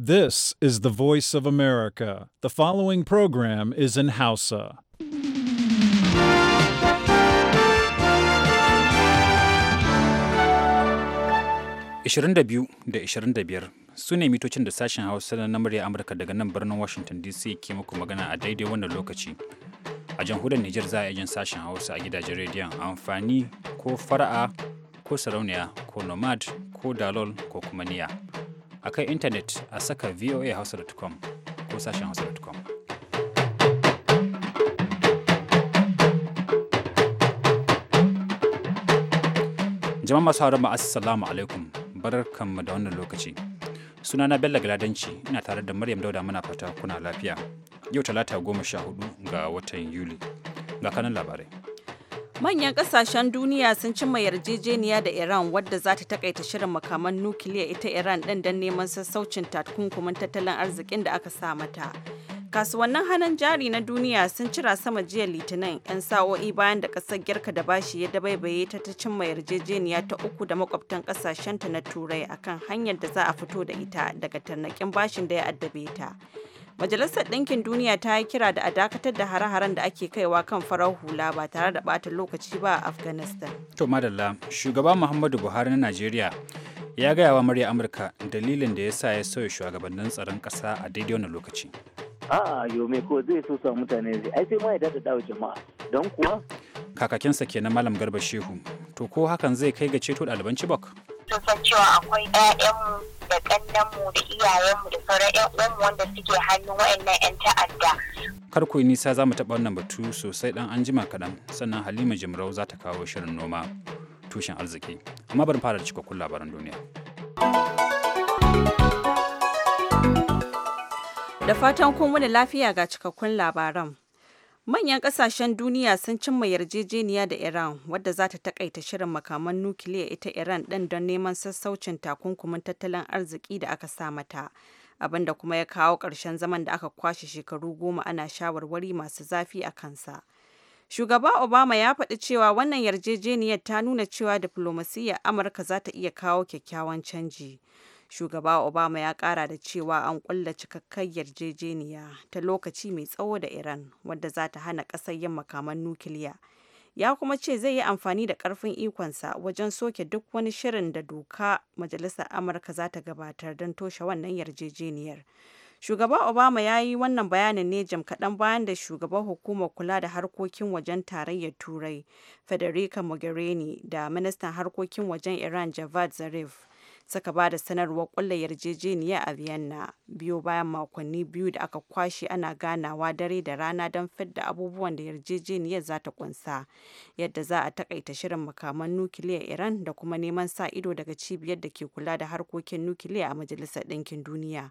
This is the voice of America. The following program is in Hausa. Ishirin da biyu da ishirin da biyar su ne mitocin da sashen Hausa na murya Amurka daga nan birnin Washington DC ke muku magana a daidai wannan lokaci. A jamhuriyar Nijar za a yi jin sashen Hausa a gidajen rediyon amfani ko fara'a ko sarauniya ko nomad ko dalol ko kuma niya. a kan intanet a saka voahausa.com ko sashen hausa.com. Jama'a masu harama assalamu alaikum barar barkanmu da wannan lokaci. Sunana Bello Galadanci ina tare da Maryam Dauda muna fata kuna lafiya. Yau talata goma sha hudu ga watan Yuli. Ga kanan labarai. Manyan kasashen duniya sun cimma yarjejeniya da Iran wadda za ta takaita shirin makaman nukiliya ita Iran ɗin don neman sassaucin takunkumin tattalin arzikin da aka sa mata. Kasuwannin hannun jari na duniya sun cira sama jiya Litinin 'yan sa'o'i bayan da ƙasar Girka da bashi ya dabaibaye ta ta cimma yarjejeniya ta uku da makwabtan ƙasashenta na Turai akan hanyar da za a fito da ita daga tarnaƙin bashin da ya addabe ta. Majalisar Ɗinkin Duniya ta yi kira da a dakatar da hare-haren da ake kaiwa kan farar hula ba tare da ɓata lokaci ba a Afghanistan. To madalla, shugaba Muhammadu Buhari na Najeriya ya gaya wa murya Amurka dalilin da ya sa ya sauya shugabannin tsaron ƙasa a daidai wani lokaci. A'a, me ko zai so sa mutane zai, ai sai ma ya dada dawo jama'a, don kuwa kakakinsa kenan malam garba shehu to ko hakan zai kai ga ceto ɗaliban chibok sun san cewa akwai 'ya'yanmu da kannanmu da iyayenmu da sauran 'yan uwanmu wanda suke hannun wayannan 'yan ta'adda. Kar ku nisa za mu taɓa wannan batu sosai ɗan an jima kaɗan sannan Halima Jimrau za ta kawo shirin noma tushen arziki. Amma bari fara cikakkun labaran duniya. Da fatan kun wani lafiya ga cikakkun labaran. Manyan kasashen duniya sun cimma yarjejeniya da Iran wadda za ta takaita shirin makaman nukiliya ita Iran ɗin don neman sassaucin takunkumin tattalin arziki da aka sa mata. Abinda kuma ya kawo ƙarshen zaman da aka kwashe shekaru goma ana shawarwari masu zafi a kansa. Shugaba Obama ya faɗi cewa wannan yarjejeniyar ta nuna cewa diflomasiyyar Amurka za ta iya kawo kyakkyawan canji. shugaba obama ya kara da cewa an kulla cikakkar yarjejeniya ta lokaci mai tsawo da iran wadda za ta hana kasar yin makaman nukiliya ya kuma ce zai yi amfani da karfin ikonsa wajen soke duk wani shirin da doka majalisar amurka za ta gabatar don toshe wannan yarjejeniyar shugaba obama ya yi wannan bayanin ne jim kaɗan bayan da shugaban hukumar kula da harkokin wajen tarayyar turai federica mogherini da ministan harkokin wajen iran javad zarif suka ba da sanarwar ƙulla yarjejeniya a Vienna biyo bayan makonni biyu da aka kwashe ana ganawa dare da rana don fidda abubuwan da yarjejeniyar za ta kunsa yadda za a takaita shirin makaman nukiliyar Iran da kuma neman sa ido daga cibiyar da ke kula da harkokin nukiliya a Majalisar Ɗinkin Duniya.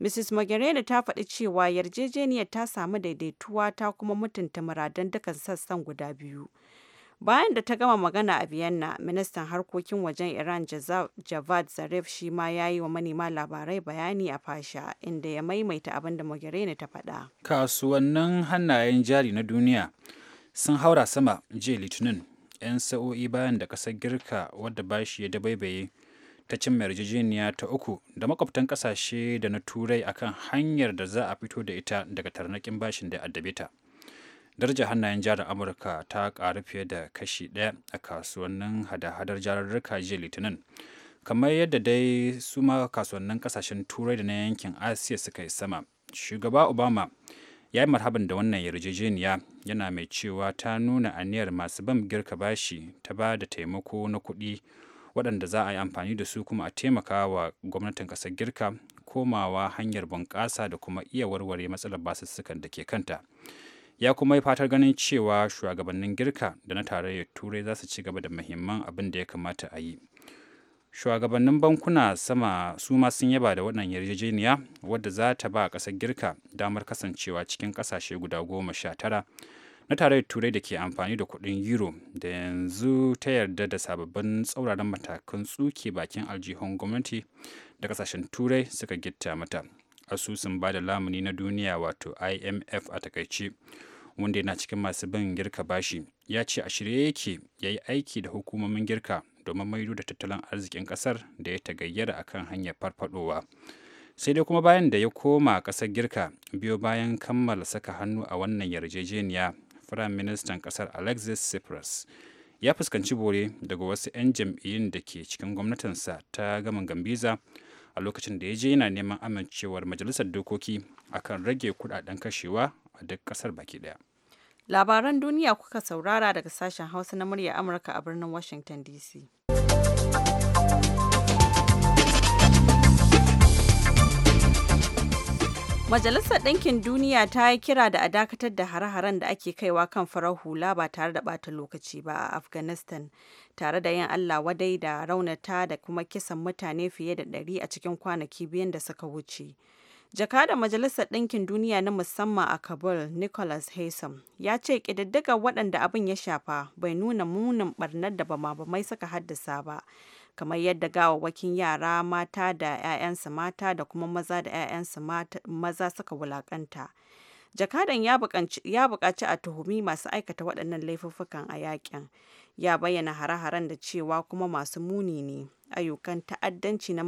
Mrs. Mogherini ta faɗi cewa yarjejeniyar ta samu daidaituwa ta kuma mutunta muradan dukkan sassan guda biyu. Bayan da ta gama magana a Vienna, ministan harkokin wajen Iran Javad Zarif shi ma ya yi wa manema labarai bayani a fasha inda ya maimaita abin da Mogherini ta faɗa. Kasuwannin hannayen jari na duniya sun haura sama jiya Litinin 'yan sa'o'i bayan da kasar Girka wadda bashi ya dabaibaye ta cimma yarjejeniya ta uku da makwabtan ƙasashe da na turai akan hanyar da za a fito da ita daga tarnakin bashin da addabe ta. darajar hannayen jarin amurka ta karu fiye da kashi ɗaya a kasuwannin hada-hadar jararruka jiya litinin kamar yadda dai su ma kasuwannin kasashen turai da na yankin asiya suka yi sama shugaba obama ya yi marhaban da wannan yarjejeniya yana mai cewa ta nuna aniyar masu ban girka bashi ta ba da taimako na kuɗi waɗanda za a yi amfani da su kuma a taimaka wa gwamnatin ƙasar girka komawa hanyar bunƙasa da kuma iya warware matsalar basussukan da ke kanta ya kuma yi fatar ganin cewa shugabannin girka da na tarayyar turai za su ci gaba da muhimman abin da ya kamata a yi shugabannin bankuna sama su ma sun yaba da wannan yarjejeniya wadda za ta ba ƙasar girka damar kasancewa cikin ƙasashe guda goma sha tara na tarayyar turai da ke amfani da kuɗin euro da yanzu ta yarda da sababbin tsauraran matakan tsuke bakin aljihun gwamnati da ƙasashen turai suka gitta mata asusun ba da lamuni na duniya wato imf a takaice wanda yana cikin masu bin girka bashi ya ce a shirye yake ya yi aiki da hukumomin girka domin maido da tattalin arzikin kasar da ya ta tagayyara kan hanyar farfadowa sai dai kuma bayan da ya koma kasar girka biyo bayan kammala saka hannu a wannan yarjejeniya firayim ministan kasar alexis tsipras ya fuskanci bore daga wasu 'yan jam'iyyun da ke cikin gwamnatinsa ta gaman gambiza a lokacin da ya je yana neman amincewar majalisar dokoki akan rage kudaden kashewa a duk kasar baki daya. Labaran duniya kuka saurara daga sashen Hausa na murya Amurka a birnin Washington DC. Majalisar Ɗinkin Duniya ta yi kira da a dakatar da hare-haren da ake kaiwa kan farar hula ba tare da ɓata lokaci ba a Afghanistan, tare da yin Allah wadai da raunata da kuma kisan mutane fiye da ɗari a cikin kwanaki biyan da suka wuce. jakadan majalisar ɗinkin duniya na musamman a kabul nicholas haysom ya ce ƙididdigar waɗanda abin ya shafa bai nuna munin ɓarnar da bama-bamai suka haddasa ba kamar yadda gawawwakin yara mata da 'ya'yansu mata da kuma maza da 'ya'yansu maza suka wulaƙanta jakadan ya buƙaci a tuhumi masu aikata waɗannan laifuffukan a yakin ya bayyana hare-haren da cewa kuma masu muni ne ayyukan ta'addanci na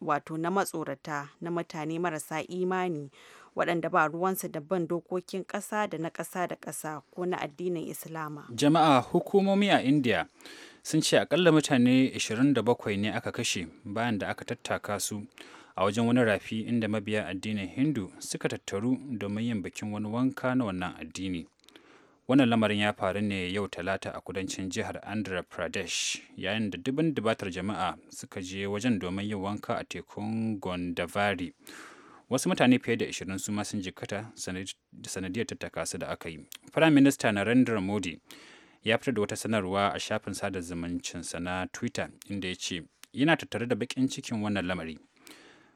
wato na matsorata na mutane marasa imani waɗanda ba ruwansa da ban dokokin ƙasa da na ƙasa da ƙasa ko na addinin islama jama'a hukumomi a india sun ce akalla mutane 27 ne aka kashe bayan da aka tattaka su a wajen wani rafi inda mabiya addinin hindu suka tattaru domin yin bikin wani wanka na wannan addini wannan lamarin ya faru ne yau talata a kudancin jihar andhra pradesh yayin da dubin dubatar jama'a suka je wajen domin yin wanka a tekun gondavari wasu mutane fiye da 20 su sun jikata sanadiyar tattaka su da aka yi firaminista minista narendra modi ya fitar da wata sanarwa a shafin sada zumuncinsa na twitter inda ya ce yana tattare da bakin cikin wannan lamari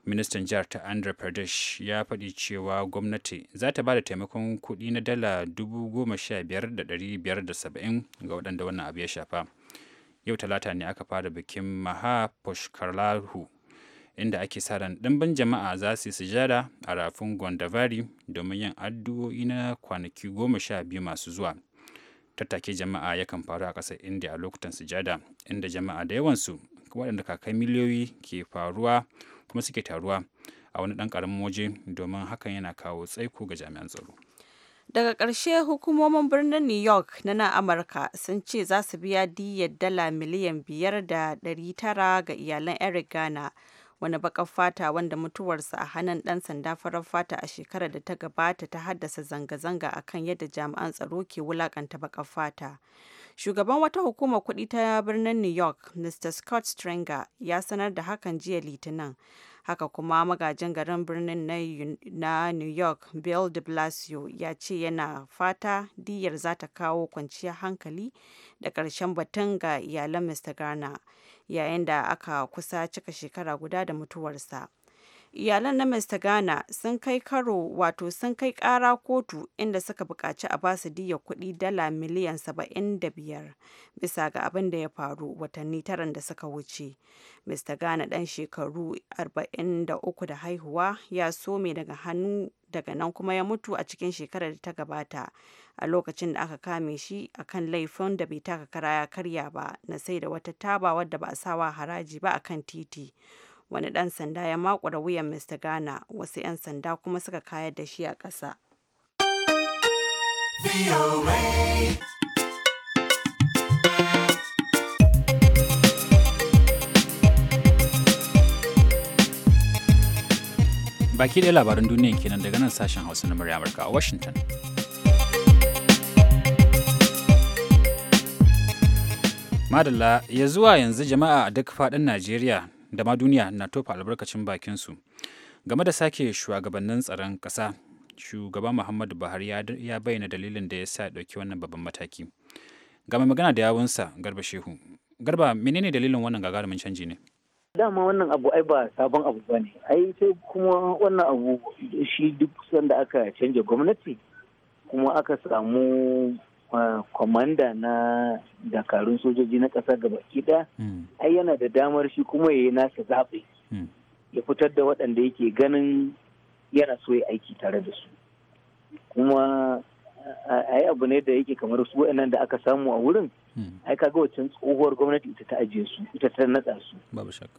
ministan jihar ta andhra pradesh ya faɗi cewa gwamnati za ta ba da taimakon kuɗi na dala dubu sha biyar biyar da da saba'in ga waɗanda wannan abu ya shafa yau talata ne aka fara bikin maha pushkarlahu inda ake sa ran ɗimbin jama'a za su yi sujada a rafin gwandavari domin yin addu'o'i na kwanaki goma sha biyu masu zuwa tattake jama'a yakan faru a ƙasar india a lokutan sujada inda jama'a da yawansu waɗanda kakai miliyoyi ke faruwa kuma suke taruwa a wani ɗan ƙaramin waje domin hakan yana kawo tsaiko ga jami'an tsaro. Daga ƙarshe hukumomin birnin New York na nan Amurka sun ce za su biya diyyar dala miliyan biyar da ɗari tara ga iyalan Eric Ghana wani baƙar fata wanda mutuwarsa a hannun ɗan sanda farar fata a shekarar da ta gabata ta haddasa zanga-zanga akan yadda jami'an tsaro ke wulaƙanta baƙar fata. Shugaban wata hukumar kuɗi ta birnin New York, Mr. Scott Stringer, ya sanar da hakan jiya Litinin. Haka kuma magajin garin birnin na New York, Bill de Blasio, ya ce yana fata diyar za ta kawo kwanciyar hankali da ƙarshen batun ga iyalan Mr. Garner, yayin da aka kusa cika shekara guda da mutuwarsa. iyalan na Mr. Ghana sun kai karo wato sun kai kara kotu inda suka bukaci a basu diya kudi dala miliyan 75 bisa ga abin da ya faru watanni taran da suka wuce. Mr. Ghana dan shekaru 43 da haihuwa ya some daga hannu daga nan kuma ya mutu a cikin shekarar da ta gabata a lokacin da aka kame shi akan laifin da bai taka kara ya karya ba na sai da wata taba wadda ba a sawa haraji ba akan titi. wani ɗan sanda ya makura wuyan mr ghana wasu 'yan sanda kuma suka kayar da shi a ƙasa baki ɗaya labarin duniya kenan daga nan sashen hausa na murya amurka a washington madalla ya zuwa yanzu jama'a a duk faɗin najeriya da ma duniya na tofa albarkacin su game da sake shugabannin tsaron ƙasa shugaba muhammadu buhari ya bayyana dalilin da ya sa ɗauki wannan babban mataki game magana da yawunsa garba shehu garba menene dalilin wannan gagarumin canji ne dama wannan abu ai ba sabon abu ba ne ai sai kuma wannan abu shi duk sanda aka canja gwamnati kuma aka samu kwamanda na dakarun sojoji na ƙasa gaba ɗaya hmm. ai yana da damar shi kuma ya yi nasa zaɓe hmm. ya fitar da waɗanda yake ganin yana so ya aiki tare da su kuma ai abu ne da yake kamar su waɗannan da aka samu a wurin hmm. ai kaga wacce tsohuwar gwamnati ita ta ajiye su ita ta natsa su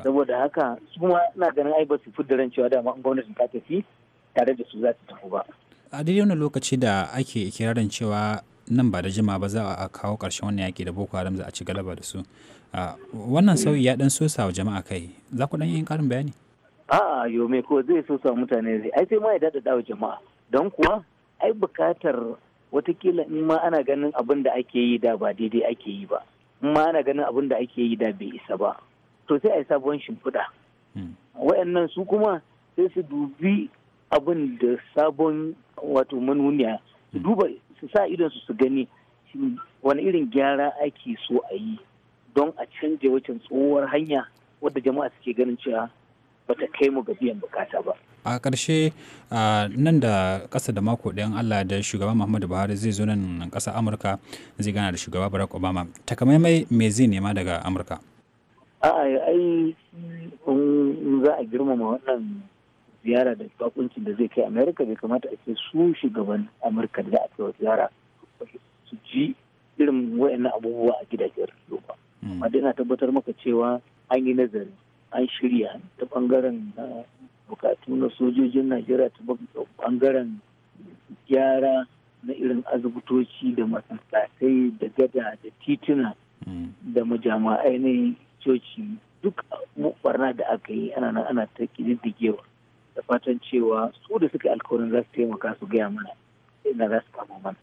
saboda haka su kuma ina ganin ai ba su fi ran cewa dama gwamnatin ta tafi tare da su za su tafi ba a daidai wani lokaci da ake ikirarin cewa nan ba da jima ba za a kawo ƙarshen wannan yaƙi da boko haram za a ci galaba da su wannan sauyi ya ɗan sosa wa jama'a kai za ku ɗan yin ƙarin bayani a'a yo me ko zai sosa mutane zai ai sai ma ya daɗa da jama'a don kuwa ai buƙatar watakila in ma ana ganin abin da ake yi da ba daidai ake yi ba in ma ana ganin abin da ake yi da bai isa ba to sai a yi sabuwar shimfiɗa hmm. wayannan su kuma sai su dubi abin da sabon wato manuniya su hmm. duba su sa idon su gani wani irin gyara ake so a yi don a canja wacin tsohuwar hanya wadda jama'a suke ganin cewa bata kai mu ga biyan bukata ba. a ƙarshe nan da ƙasa da mako ɗayan allah da shugaban muhammadu buhari zai zo nan ƙasa amurka zai gana da shugaba barack obama takamaimai me zai nema daga amurka a'a ai za a girmama wannan ziyara da bakuncin da zai kai amerika bai kamata a ce su shugaban amurka da za a kai wa ziyara su ji irin wayannan abubuwa a gidajen rediyo hmm. amma dai na tabbatar maka cewa an yi nazari an shirya ta bangaren ah, bukatu na sojojin najeriya ta bangaren gyara na irin asibitoci da masallatai da gada da tituna hmm. da majama'ai na coci duk barna da aka yi ana nan ana ta kididdigewa da fatan cewa su da suka alkawarin za su taimaka su gaya mana ina za su kama mana.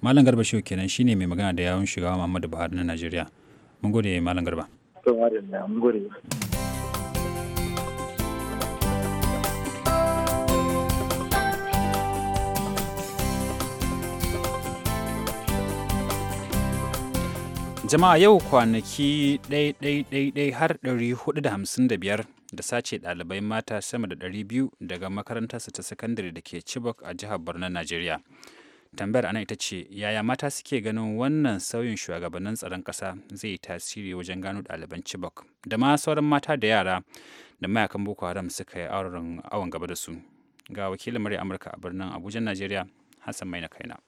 Malam Garba Shehu kenan shine mai magana da yawun shugaba Muhammadu Buhari na Najeriya. Mun gode Malam Garba. jama'a yau kwanaki ɗai ɗai ɗai har ɗari hudu da da hamsin biyar da sace ɗalibai mata sama da 200 daga makarantarsa ta sakandare da ke Chibok a jihar Borno, Najeriya. Tambayar ana ita ce, yaya mata suke ganin wannan sauyin shugabannin tsaron ƙasa zai tasiri wajen gano ɗaliban Chibok da ma sauran mata da yara da mayakan Boko Haram suka yi awon gaba da su. Ga wakilin murya Amurka a birnin Abuja, Najeriya, Hassan Maina Kaina.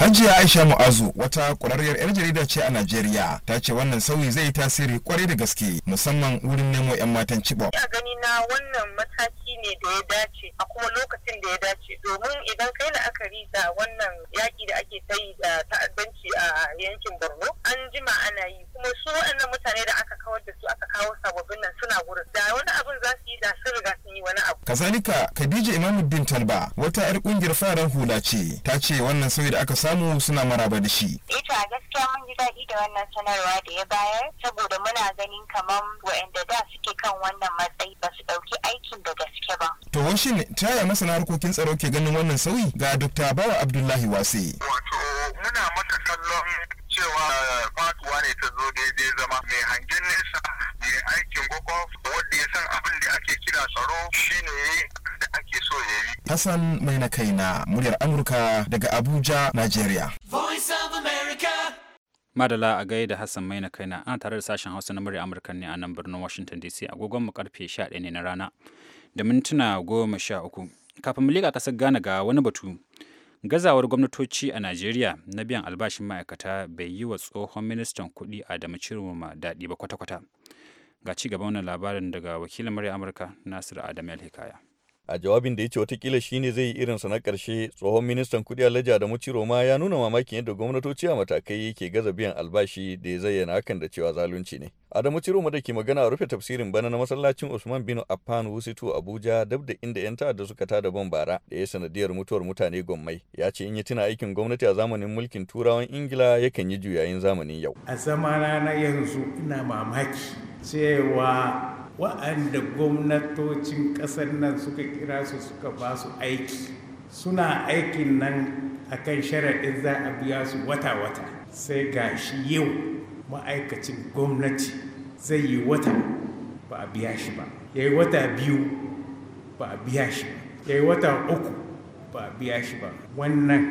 Hajiya Aisha Mu'azu wata kwararriyar 'yar jarida ce a Najeriya ta ce wannan sauyi zai yi tasiri kwarai da gaske musamman wurin nemo 'yan matan cibo. Ina gani na wannan mataki ne da ya dace a kuma lokacin da ya dace domin idan kai la'akari da wannan yaƙi da ake ta yi da ta'addanci a yankin Borno an jima ana yi kuma su waɗannan mutane da aka kawar da su aka kawo sababbin nan suna wurin da wani abin za su yi da sun riga sun yi wani abu. Kazalika Khadija Imamuddin Talba wata 'yar ƙungiyar fararen hula ce ta ce wannan sauyi da aka sa samu suna maraba da shi. Ita eh gaskiya mun ji daɗi da wannan sanarwa da ya bayar saboda muna ganin kamar wa'anda da suke kan wannan matsayi ba su ɗauki aikin da gaske ba. To washin taya masana harkokin tsaro ke ganin wannan sauyi ga Dr. Bawa Abdullahi Wase. Wato muna mata kallon cewa fatuwa ne ta zo daidai zama mai hangen nesa mai aikin gwagwaf wanda ya san abin da ake kira tsaro shine Hassan mai na kaina muryar Amurka daga Abuja, Nigeria. Voice of America. Madala a gaida Hassan mai na kaina ana tare da sashen Hausa na muryar Amurka ne a nan birnin Washington DC agogon mu karfe 11 ne na rana da mintuna goma sha uku. Kafin mu liƙa ƙasar Ghana ga wani batu gazawar gwamnatoci a Najeriya na biyan albashin ma'aikata bai yi wa tsohon ministan kuɗi a Adamu Ciroma daɗi ba kwata-kwata. Ga ci gaban wannan labarin daga wakilin murya Amurka nasiru adamu alhikaya. Hikaya. a jawabin da ya ce watakila shi ne zai yi irinsa na ƙarshe tsohon ministan kuɗi alhaji adamu ciro ma ya nuna mamakin yadda gwamnatoci a matakai ke gaza biyan albashi da ya zayyana hakan da cewa zalunci ne adamu ciro da ke magana a rufe tafsirin bana na masallacin usman bin affan wusitu abuja dab da inda yan ta'adda suka tada bom bara da ya sanadiyar mutuwar mutane gwammai ya ce in ya tuna aikin gwamnati a zamanin mulkin turawan ingila yakan yi juyayin zamanin yau a zamana na yanzu ina mamaki cewa wa'anda gwamnatocin ƙasar nan suka kira su suka ba su aiki suna aikin nan a kan sharaɗin za a biya su wata-wata sai ga shi yau ma'aikacin gwamnati zai yi wata ba a biya shi ba ya yi wata biyu ba a biya shi ba ya yi wata uku ba a biya shi ba wannan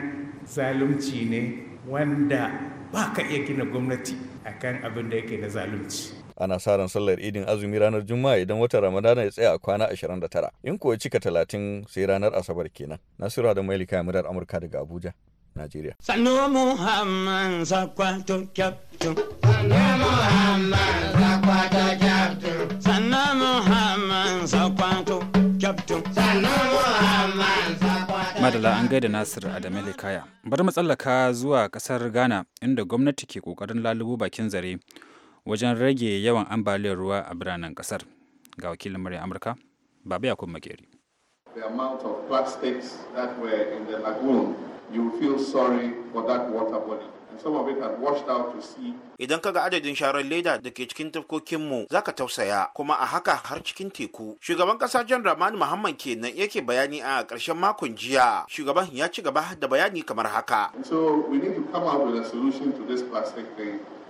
zalunci ne wanda ba ka iya gina gwamnati akan abin da yake na zalunci ana sa ran sallar idin azumi ranar juma'a idan watan ramadana ya tsaya a kwana 29 in kuwa cika 30 sai ranar asabar kenan nasira da mailika murar amurka daga abuja najeriya sannu muhammad sakwato kyaftin sannu muhammad sakwato kyaftin sannu muhammad sakwato kyaftin sannu muhammad madala an gaida nasir adamele kaya bari matsalaka zuwa kasar ghana inda gwamnati ke kokarin lalubo bakin zare wajen rage yawan ambaliyar ruwa a biranen kasar ga wakilin murya amurka babu yakub makeri Idan kaga adadin sharar leda da ke cikin tafkokinmu za ka tausaya kuma a haka har cikin teku. Shugaban kasa Jan Ramani Muhammad kenan yake bayani a ƙarshen makon jiya. Shugaban ya ci gaba da bayani kamar haka. So we solution to this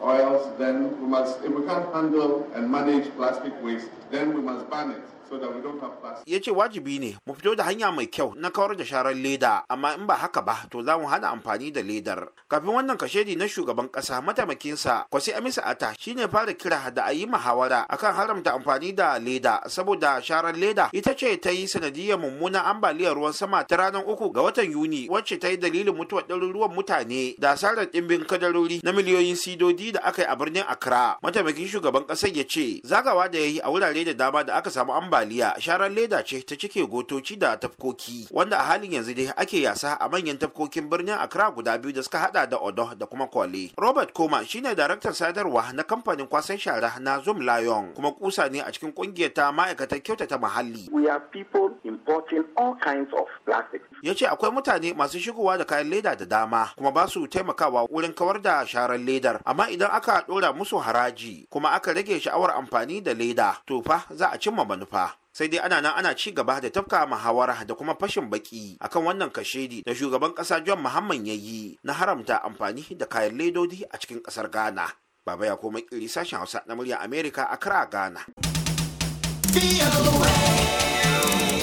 Oils. then we must, if we can't handle and manage plastic waste, then we must ban it. so that we don't have plastic. Ya ce wajibi ne mu fito da hanya mai kyau na kawar da sharar leda amma in ba haka ba to za mu hana amfani da ledar. Kafin wannan kashedi na shugaban kasa mataimakinsa Kwasi Amisa Ata shine fara kira da a yi muhawara akan haramta amfani da leda saboda sharar leda ita ce ta yi sanadiyar mummunan ambaliyar ruwan sama ta ranar uku ga watan Yuni wacce ta yi dalilin mutuwar ɗaruruwan mutane da asarar ɗimbin kadarori na miliyoyin sidodi da aka yi a birnin Accra. Mataimakin shugaban ƙasar ya ce zagawa da ya yi a wurare da dama da aka samu ambaliyar ambaliya sharar leda ce ta cike gotoci da tafkoki wanda a halin yanzu dai ake yasa a manyan tafkokin birnin Accra guda biyu da suka hada da Odo da kuma Kwale. Robert Koma shine daraktan sadarwa na kamfanin kwasan shara na Zoom Lion kuma kusa ne a cikin kungiyar ta ma'aikatan kyautata muhalli. We are people importing all kinds of plastics ya ce akwai mutane masu shigowa da kayan leda da dama kuma ba su taimakawa wurin kawar da sharar ledar amma idan aka ɗora musu haraji kuma aka rage sha'awar amfani da leda to fa za a cimma manufa sai dai ana nan ana ci gaba da tafka muhawara da kuma fashin baki akan wannan kashedi da shugaban kasa John Muhammad ya yi na haramta amfani da kayan ledodi a cikin kasar Ghana. Baba ya koma kiri sashen Hausa na murya Amerika a kara Ghana.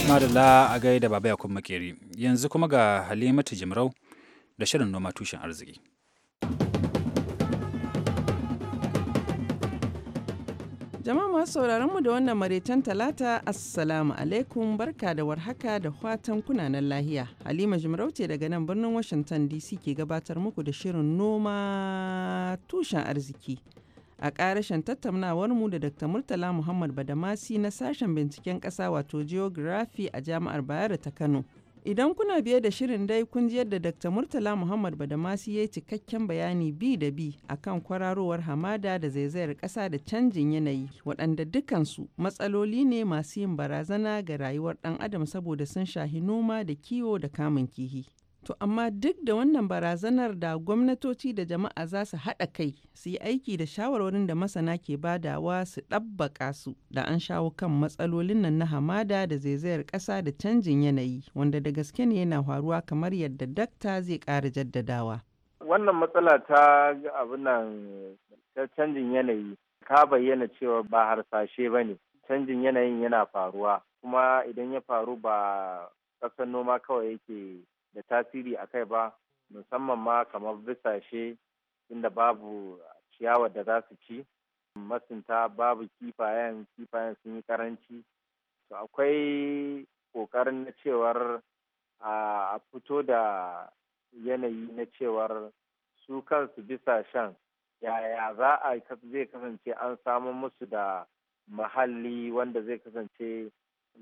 Madalla a gaida Baba Yakub Makeri. Yanzu kuma ga Halimatu Jimrau da shirin noma tushen arziki. Jama'a masu sauraron mu da wannan maretan talata Assalamu alaikum barka da warhaka da fatan kunanan lahiya. Halima jimrau ce daga nan birnin Washington DC ke gabatar muku da shirin noma tushen arziki. a ƙarashen tattaunawar mu da Dr. Murtala Muhammad Badamasi na sashen binciken ƙasa wato Geography a Jami'ar Bayero ta Kano. Idan kuna biye da shirin dai kun ji yadda Dr. Murtala Muhammad Badamasi ya yi cikakken bayani bi da bi a kan kwararowar hamada da zaizayar ƙasa da canjin yanayi waɗanda dukansu matsaloli ne masu yin barazana ga rayuwar ɗan adam saboda sun shahi noma da kiwo da kamun kihi. To amma duk da wannan barazanar da gwamnatoci da jama'a za su haɗa kai su yi aiki da shawarwarin da masana ke badawa su ɗabbaka su da an shawo kan matsalolin nan na hamada da zaizayar ƙasa da canjin yanayi wanda da gaske ne yana faruwa kamar yadda dakta zai ƙara jaddadawa. Wannan matsala ta nan ta canjin yanayi ka bayyana cewa ba harsashe ba ne canjin yanayin yana faruwa kuma idan ya faru ba ƙasar noma kawai yake da tasiri a kai ba musamman ma kamar bisashe inda babu ciyawar da za su ci masinta babu kifayen kifayen sun yi karanci to akwai kokarin na cewar a fito da yanayi na cewar su kansu bisashen yaya za a zai kasance an samu musu da mahalli wanda zai kasance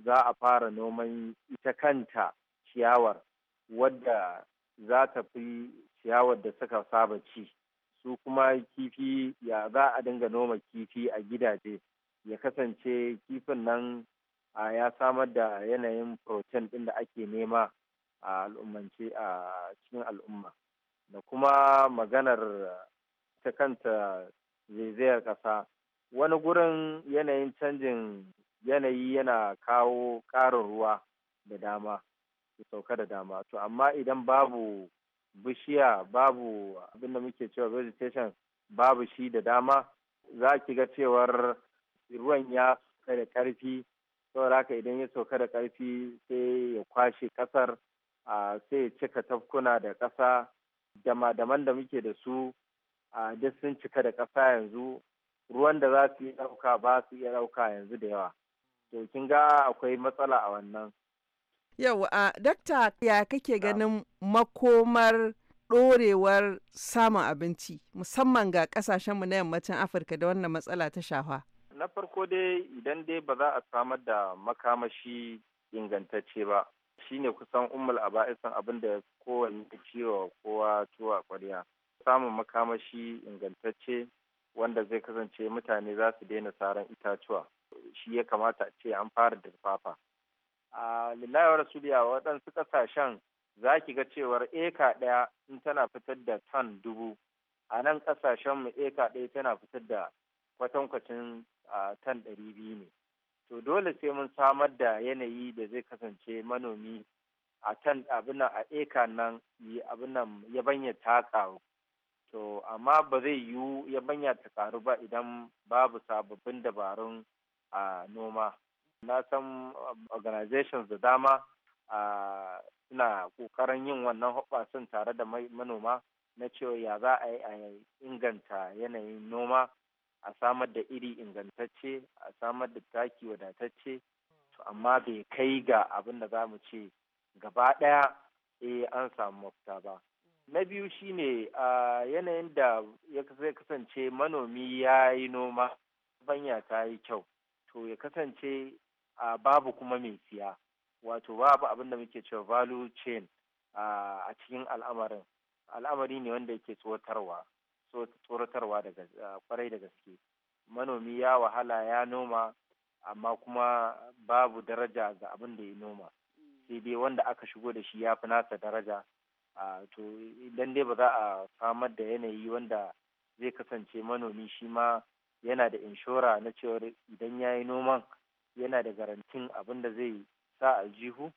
za a fara noman ita kanta ciyawar wadda za ta fi ciyawar da suka saba ci su kuma kifi ya za a dinga noma kifi a gidaje ya kasance kifin nan ya samar da yanayin protein ɗin da ake nema a al'ummance a cikin al'umma da kuma maganar ta kanta zaizayar ƙasa wani gurin yanayin canjin yanayi yana kawo ƙarin ruwa da dama su sauka da dama to amma idan babu bishiya babu abin da muke cewa vegetation babu shi da dama za ki ga cewar ruwan ya sauka da ƙarfi saboda haka idan ya sauka da ƙarfi sai ya kwashe ƙasar sai ya cika tafkuna da ƙasa dama-daman da muke da su a duk sun cika da ƙasa yanzu ruwan da za su yi ɗauka ba su iya ɗauka yanzu da yawa to kin ga akwai matsala a wannan Yau a dakta ya kake ganin makomar ɗorewar samun abinci musamman ga ƙasashenmu na yammacin Afirka da wannan matsala ta shafa? Na farko dai idan dai ba za a samar da makamashi ingantacce ba shine kusan ummul aba'isan abin da kowanne ciwo kowa tuwa kwarya samun makamashi ingantacce wanda zai kasance mutane za su daina saran itatuwa shi ya kamata a ce an fara da fafa a lillahi waɗansu ƙasashen za ki ga cewar eka ɗaya in tana fitar da ton dubu a nan ƙasashen mu eka ɗaya tana fitar da kwatankwacin tan ɗari biyu ne to dole sai mun samar da yanayi da zai kasance manomi a tan abin a eka nan abin nan ya banya ta ƙaru to amma ba zai yiwu ya banya ta ƙaru ba idan babu sababbin dabarun a noma na san uh, organizations da dama suna uh, ƙoƙarin yin wannan hoɓasun tare da manoma na cewa ya za a yi a inganta yanayin noma a samar da iri ingantacce a samar da taki wadatacce amma bai kai ga abin da za mu ce gaba ɗaya eh an samu mafita ba na biyu shine a uh, yanayin da ya kasance manomi ya yi noma banya ta yi kyau to ya kasance a babu kuma mai siya wato babu abin da muke cewa value chain a cikin al'amarin al'amari ne wanda yake tsoratarwa tsoratarwa da kwarai da gaske manomi ya wahala ya noma amma kuma babu daraja ga abin da ya noma sai dai wanda aka shigo da shi ya fi nasa daraja to idan dai ba za a samar da yanayi wanda zai kasance manomi shi ma yana da inshora na cewar idan ya yi noman yana da garantin abin da zai sa aljihu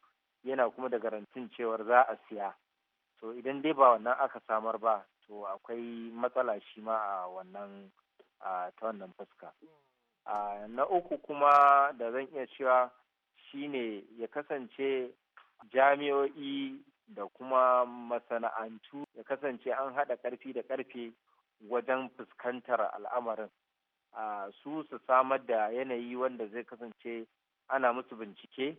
yana kuma da garantin cewar za a siya to idan dai ba wannan aka samar ba to akwai matsala shi ma a wannan ta wannan fuska na uku kuma da zan iya cewa shine ya kasance jami'o'i da kuma masana'antu ya kasance an haɗa ƙarfi da ƙarfe wajen fuskantar al'amarin su su samar da yanayi wanda zai kasance ana musu bincike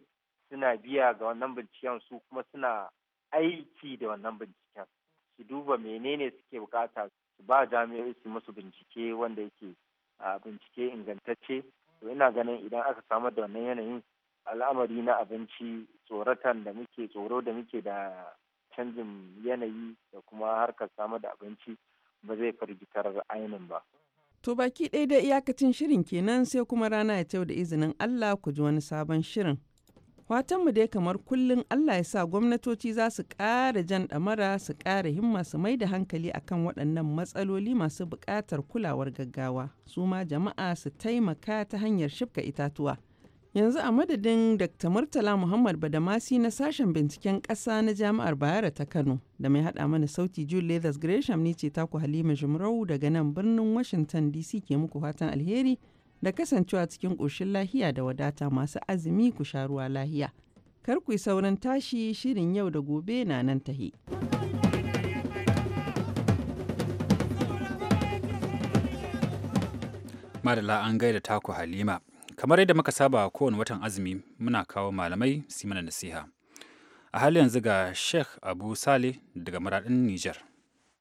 suna biya ga wannan binciken su kuma suna aiki da wannan binciken su duba menene suke bukata su ba jami'ai su musu bincike wanda yake bincike ingantacce to ina ganin idan aka samar da wannan yanayin al'amari na abinci tsoratan da muke tsoro da muke da canjin yanayi da kuma harkar samar da abinci ba zai firgitar ainin ba To baki ɗaya da iyakacin shirin kenan sai kuma rana ya tau da izinin Allah ku ji wani sabon shirin. Watanmu dai kamar kullum Allah ya sa gwamnatoci za su ƙara jan ɗamara su ƙara himma su mai da hankali akan waɗannan matsaloli masu buƙatar kulawar gaggawa. Su ma jama'a su taimaka ta hanyar shifka itatuwa. Yanzu a madadin Dr. Murtala Muhammad Badamasi na sashen binciken ƙasa na Jami'ar Bayero ta Kano da mai haɗa mana sauti Jude Leathers Gresham ne ce taku Halima Jumrau daga nan birnin Washington DC ke muku fatan alheri da kasancewa cikin ƙoshin lahiya da wadata masu azumi ku sha ruwa lahiya. Kar ku yi sauran tashi shirin yau da gobe na nan tahi. Madala an gaida taku Halima. kamar yadda muka saba kowane watan azumi muna kawo malamai su nasiha a halin yanzu ga sheikh abu sale daga maradin niger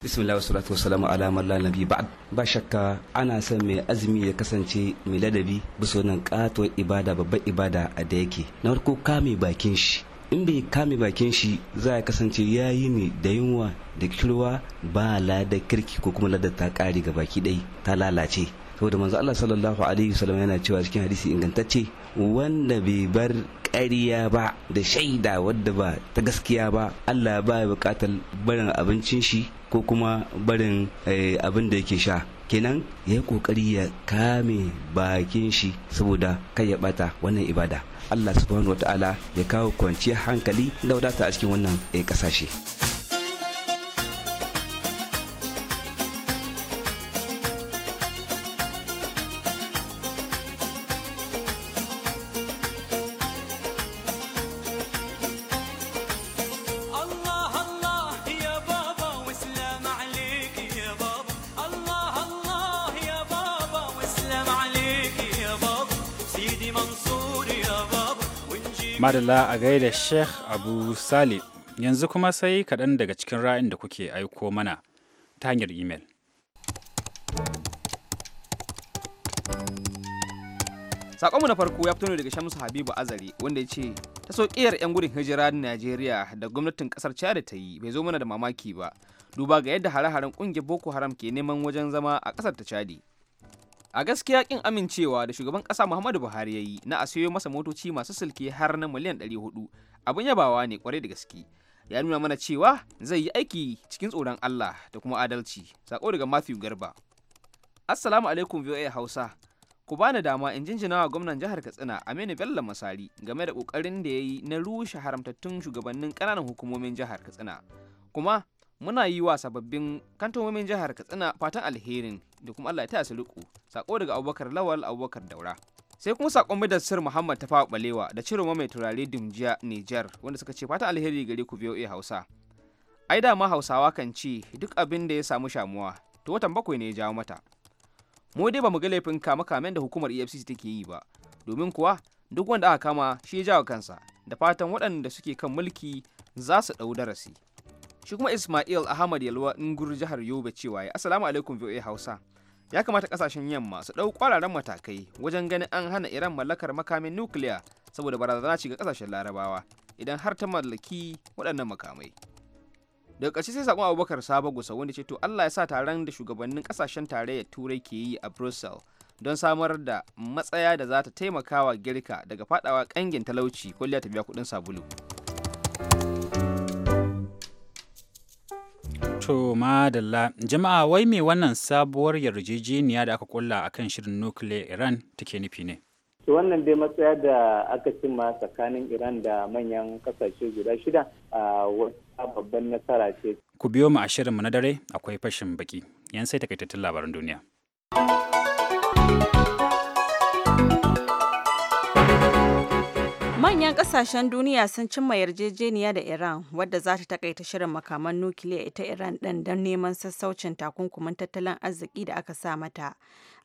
bismillah wasu wasalamu ala alamar nabi ba shakka ana son mai azumi ya kasance mai ladabi bisa wannan katuwar ibada babbar ibada a da yake na farko kame bakin shi in bai kame bakin shi za a kasance ya yi ne da yunwa da kirwa ba lada kirki ko kuma lada ta kare ga baki ɗaya ta lalace saboda manzo Allah sallallahu alaihi wasallam yana cewa cikin hadisi ingantacce wanda bai bar ƙarya ba da shaida wadda ba ta gaskiya ba Allah ba ya buƙatar barin abincin shi ko kuma barin eh, abin da yake sha kenan ya yi ƙoƙari ya kame bakin shi saboda kai ya bata wannan ibada Allah subhanahu wataala ya kawo kwanciyar hankali da wadata a cikin wannan eh, ƙasashe. madalla a gaida sheikh abu salih yanzu kuma sai kaɗan daga cikin ra'ayin da kuke aiko mana ta hanyar imel Sakonmu na farko ya fito ne daga Shamsu Habibu Azari wanda ya ce ta sauƙiyar 'yan gudun hijira na Najeriya da gwamnatin ƙasar Chad ta yi bai zo mana da mamaki ba duba ga yadda hare-haren ƙungiyar Boko Haram ke neman wajen zama a ƙasar ta Chad. a gaskiya kin amincewa da shugaban kasa muhammadu buhari ya yi na a sayo masa motoci masu silke har na miliyan 400 abin yabawa ne kwarai da gaske ya nuna mana cewa zai yi aiki cikin tsoron allah da kuma adalci sako daga matthew garba assalamu alaikum voa hausa ku bani dama in jinjina wa gwamnan jihar katsina aminu bello masari game da kokarin da ya yi na rushe haramtattun shugabannin kananan hukumomin jihar katsina kuma muna yi wa sababbin kantomomin jihar katsina fatan alherin da kuma Allah ya taya su sako daga Abubakar Lawal Abubakar Daura sai kuma sakon mai sir Muhammad Tafawa Balewa da Ciroma mai turare Dumjiya Niger wanda suka ce fata alheri gare ku biyo Hausa ai da ma Hausawa kan ce duk abin da ya samu shamuwa to watan bakwai ne ya jawo mata mu dai ba mu ga laifin kama kamen da hukumar EFCC take yi ba domin kuwa duk wanda aka kama shi ya jawo kansa da fatan waɗanda suke kan mulki za su ɗau darasi shi kuma ismail ahmad yalwa ngur jihar yobe cewa ya assalamu alaikum voa hausa ya kamata kasashen yamma su ɗau kwararan matakai wajen ganin an hana iran mallakar makamin nukiliya saboda barazana ce ga kasashen larabawa idan har ta mallaki waɗannan makamai daga ƙarshe sai saƙon abubakar sabo gusa wanda ce to allah ya sa taron da shugabannin kasashen tarayyar turai ke yi a brussels don samar da matsaya da za ta taimaka girka daga fadawa ƙangin talauci kwalliya ta biya kuɗin sabulu To madalla jama'a wai mai wannan sabuwar yarjejeniya da aka kulla a kan shirin nukle Iran take nufi ne? wannan dai matsaya da aka cimma tsakanin Iran da manyan kasashe guda shida a wata babban nasara ce. Ku biyo mu a shirin shirinmu na dare akwai fashin baki. Yan sai takaitattun labaran duniya. Kasashen duniya sun cimma yarjejeniya da Iran wadda za ta takaita shirin makaman nukiliya ita Iran ɗin don neman sassaucin takunkumin tattalin arziki da aka sa mata,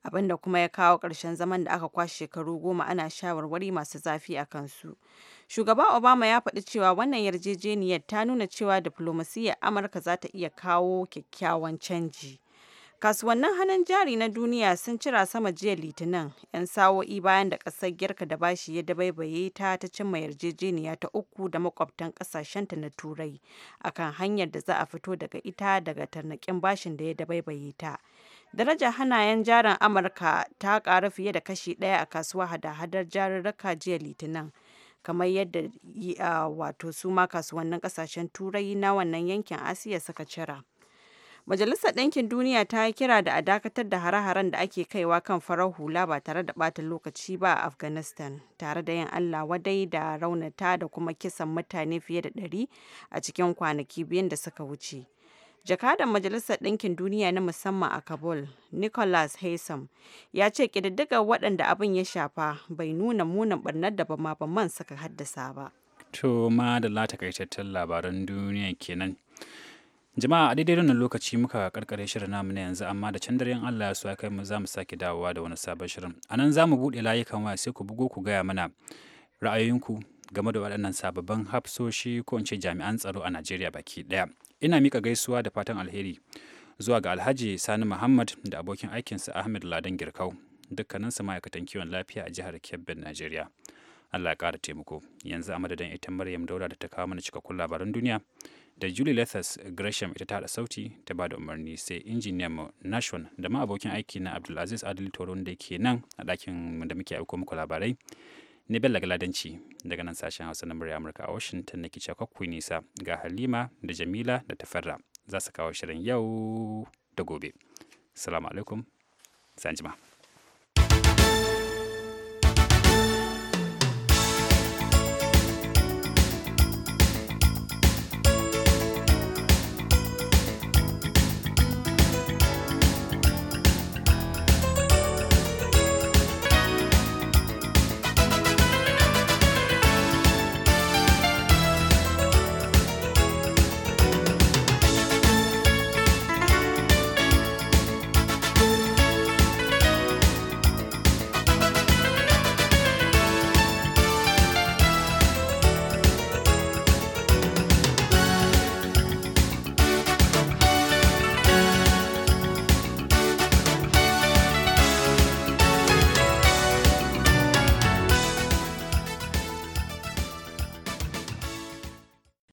abinda kuma ya kawo ƙarshen zaman da aka kwashe shekaru goma ana shawarwari masu zafi a kansu. Shugaba Obama ya faɗi cewa wannan yarjejeniyar ta nuna cewa diflomasiyyar Amurka za ta iya kawo kyakkyawan canji. Kasuwannin hannun jari na duniya sun cira sama jiya Litinin, 'yan sa'o'i bayan da kasar Girka da bashi ya dabaibaye ta ta cimma yarjejeniya ta uku da makwabtan ƙasashenta na Turai akan hanyar da za a fito daga ita daga tarnakin bashin da ya dabaibaye ta. Darajar hannayen jarin Amurka ta ƙaru fiye da kashi ɗaya a kasuwa hada-hadar jarurruka jiya Litinin. kamar yadda wato su ma kasuwannin kasashen turai na wannan yankin asiya suka cira Majalisar Ɗinkin Duniya ta yi kira da a dakatar da hare-haren da ake kaiwa kan farar hula ba tare da ɓata lokaci ba a Afghanistan, tare da yin Allah wadai da raunata da kuma kisan mutane fiye da ɗari a cikin kwanaki biyun da suka wuce. Jakadan Majalisar Ɗinkin Duniya na musamman a Kabul, Nicholas Haysom, ya ce ƙididdigar waɗanda abin ya shafa bai nuna munin ɓarnar da bama man suka haddasa ba. To ma da latakaitattun labaran duniya kenan. Jama'a a daidai wannan lokaci muka karkare shirin namu na yanzu amma da can daren Allah ya so kai mu za mu sake dawowa da wani sabon shirin. A nan za mu buɗe layukan waya sai ku bugo ku gaya mana ra'ayoyinku game da waɗannan sababbin hafsoshi ko in ce jami'an tsaro a Najeriya baki ɗaya. Ina mika gaisuwa da fatan alheri zuwa ga Alhaji Sani Muhammad da abokin aikinsa Ahmed Ladan Girkau dukkaninsu ma'aikatan kiwon lafiya a jihar Kebbi, Najeriya. Allah ya ƙara taimako. Yanzu a madadin ita Maryam Dauda da ta kawo mana cikakkun labaran duniya. da Julie lethers Gresham ita ta hada sauti ta ba da umarni sai injiniyan mu Nashon da ma abokin aiki na Abdulaziz Adil Toron da ke nan a dakin da muke aiko muku labarai. ne Bella Galadanci daga nan sashen Hausa na murya Amurka a Washington nake cewa nisa ga Halima da Jamila da Tafarra za su kawo shirin yau da gobe. Salamu alaikum. Sanjima.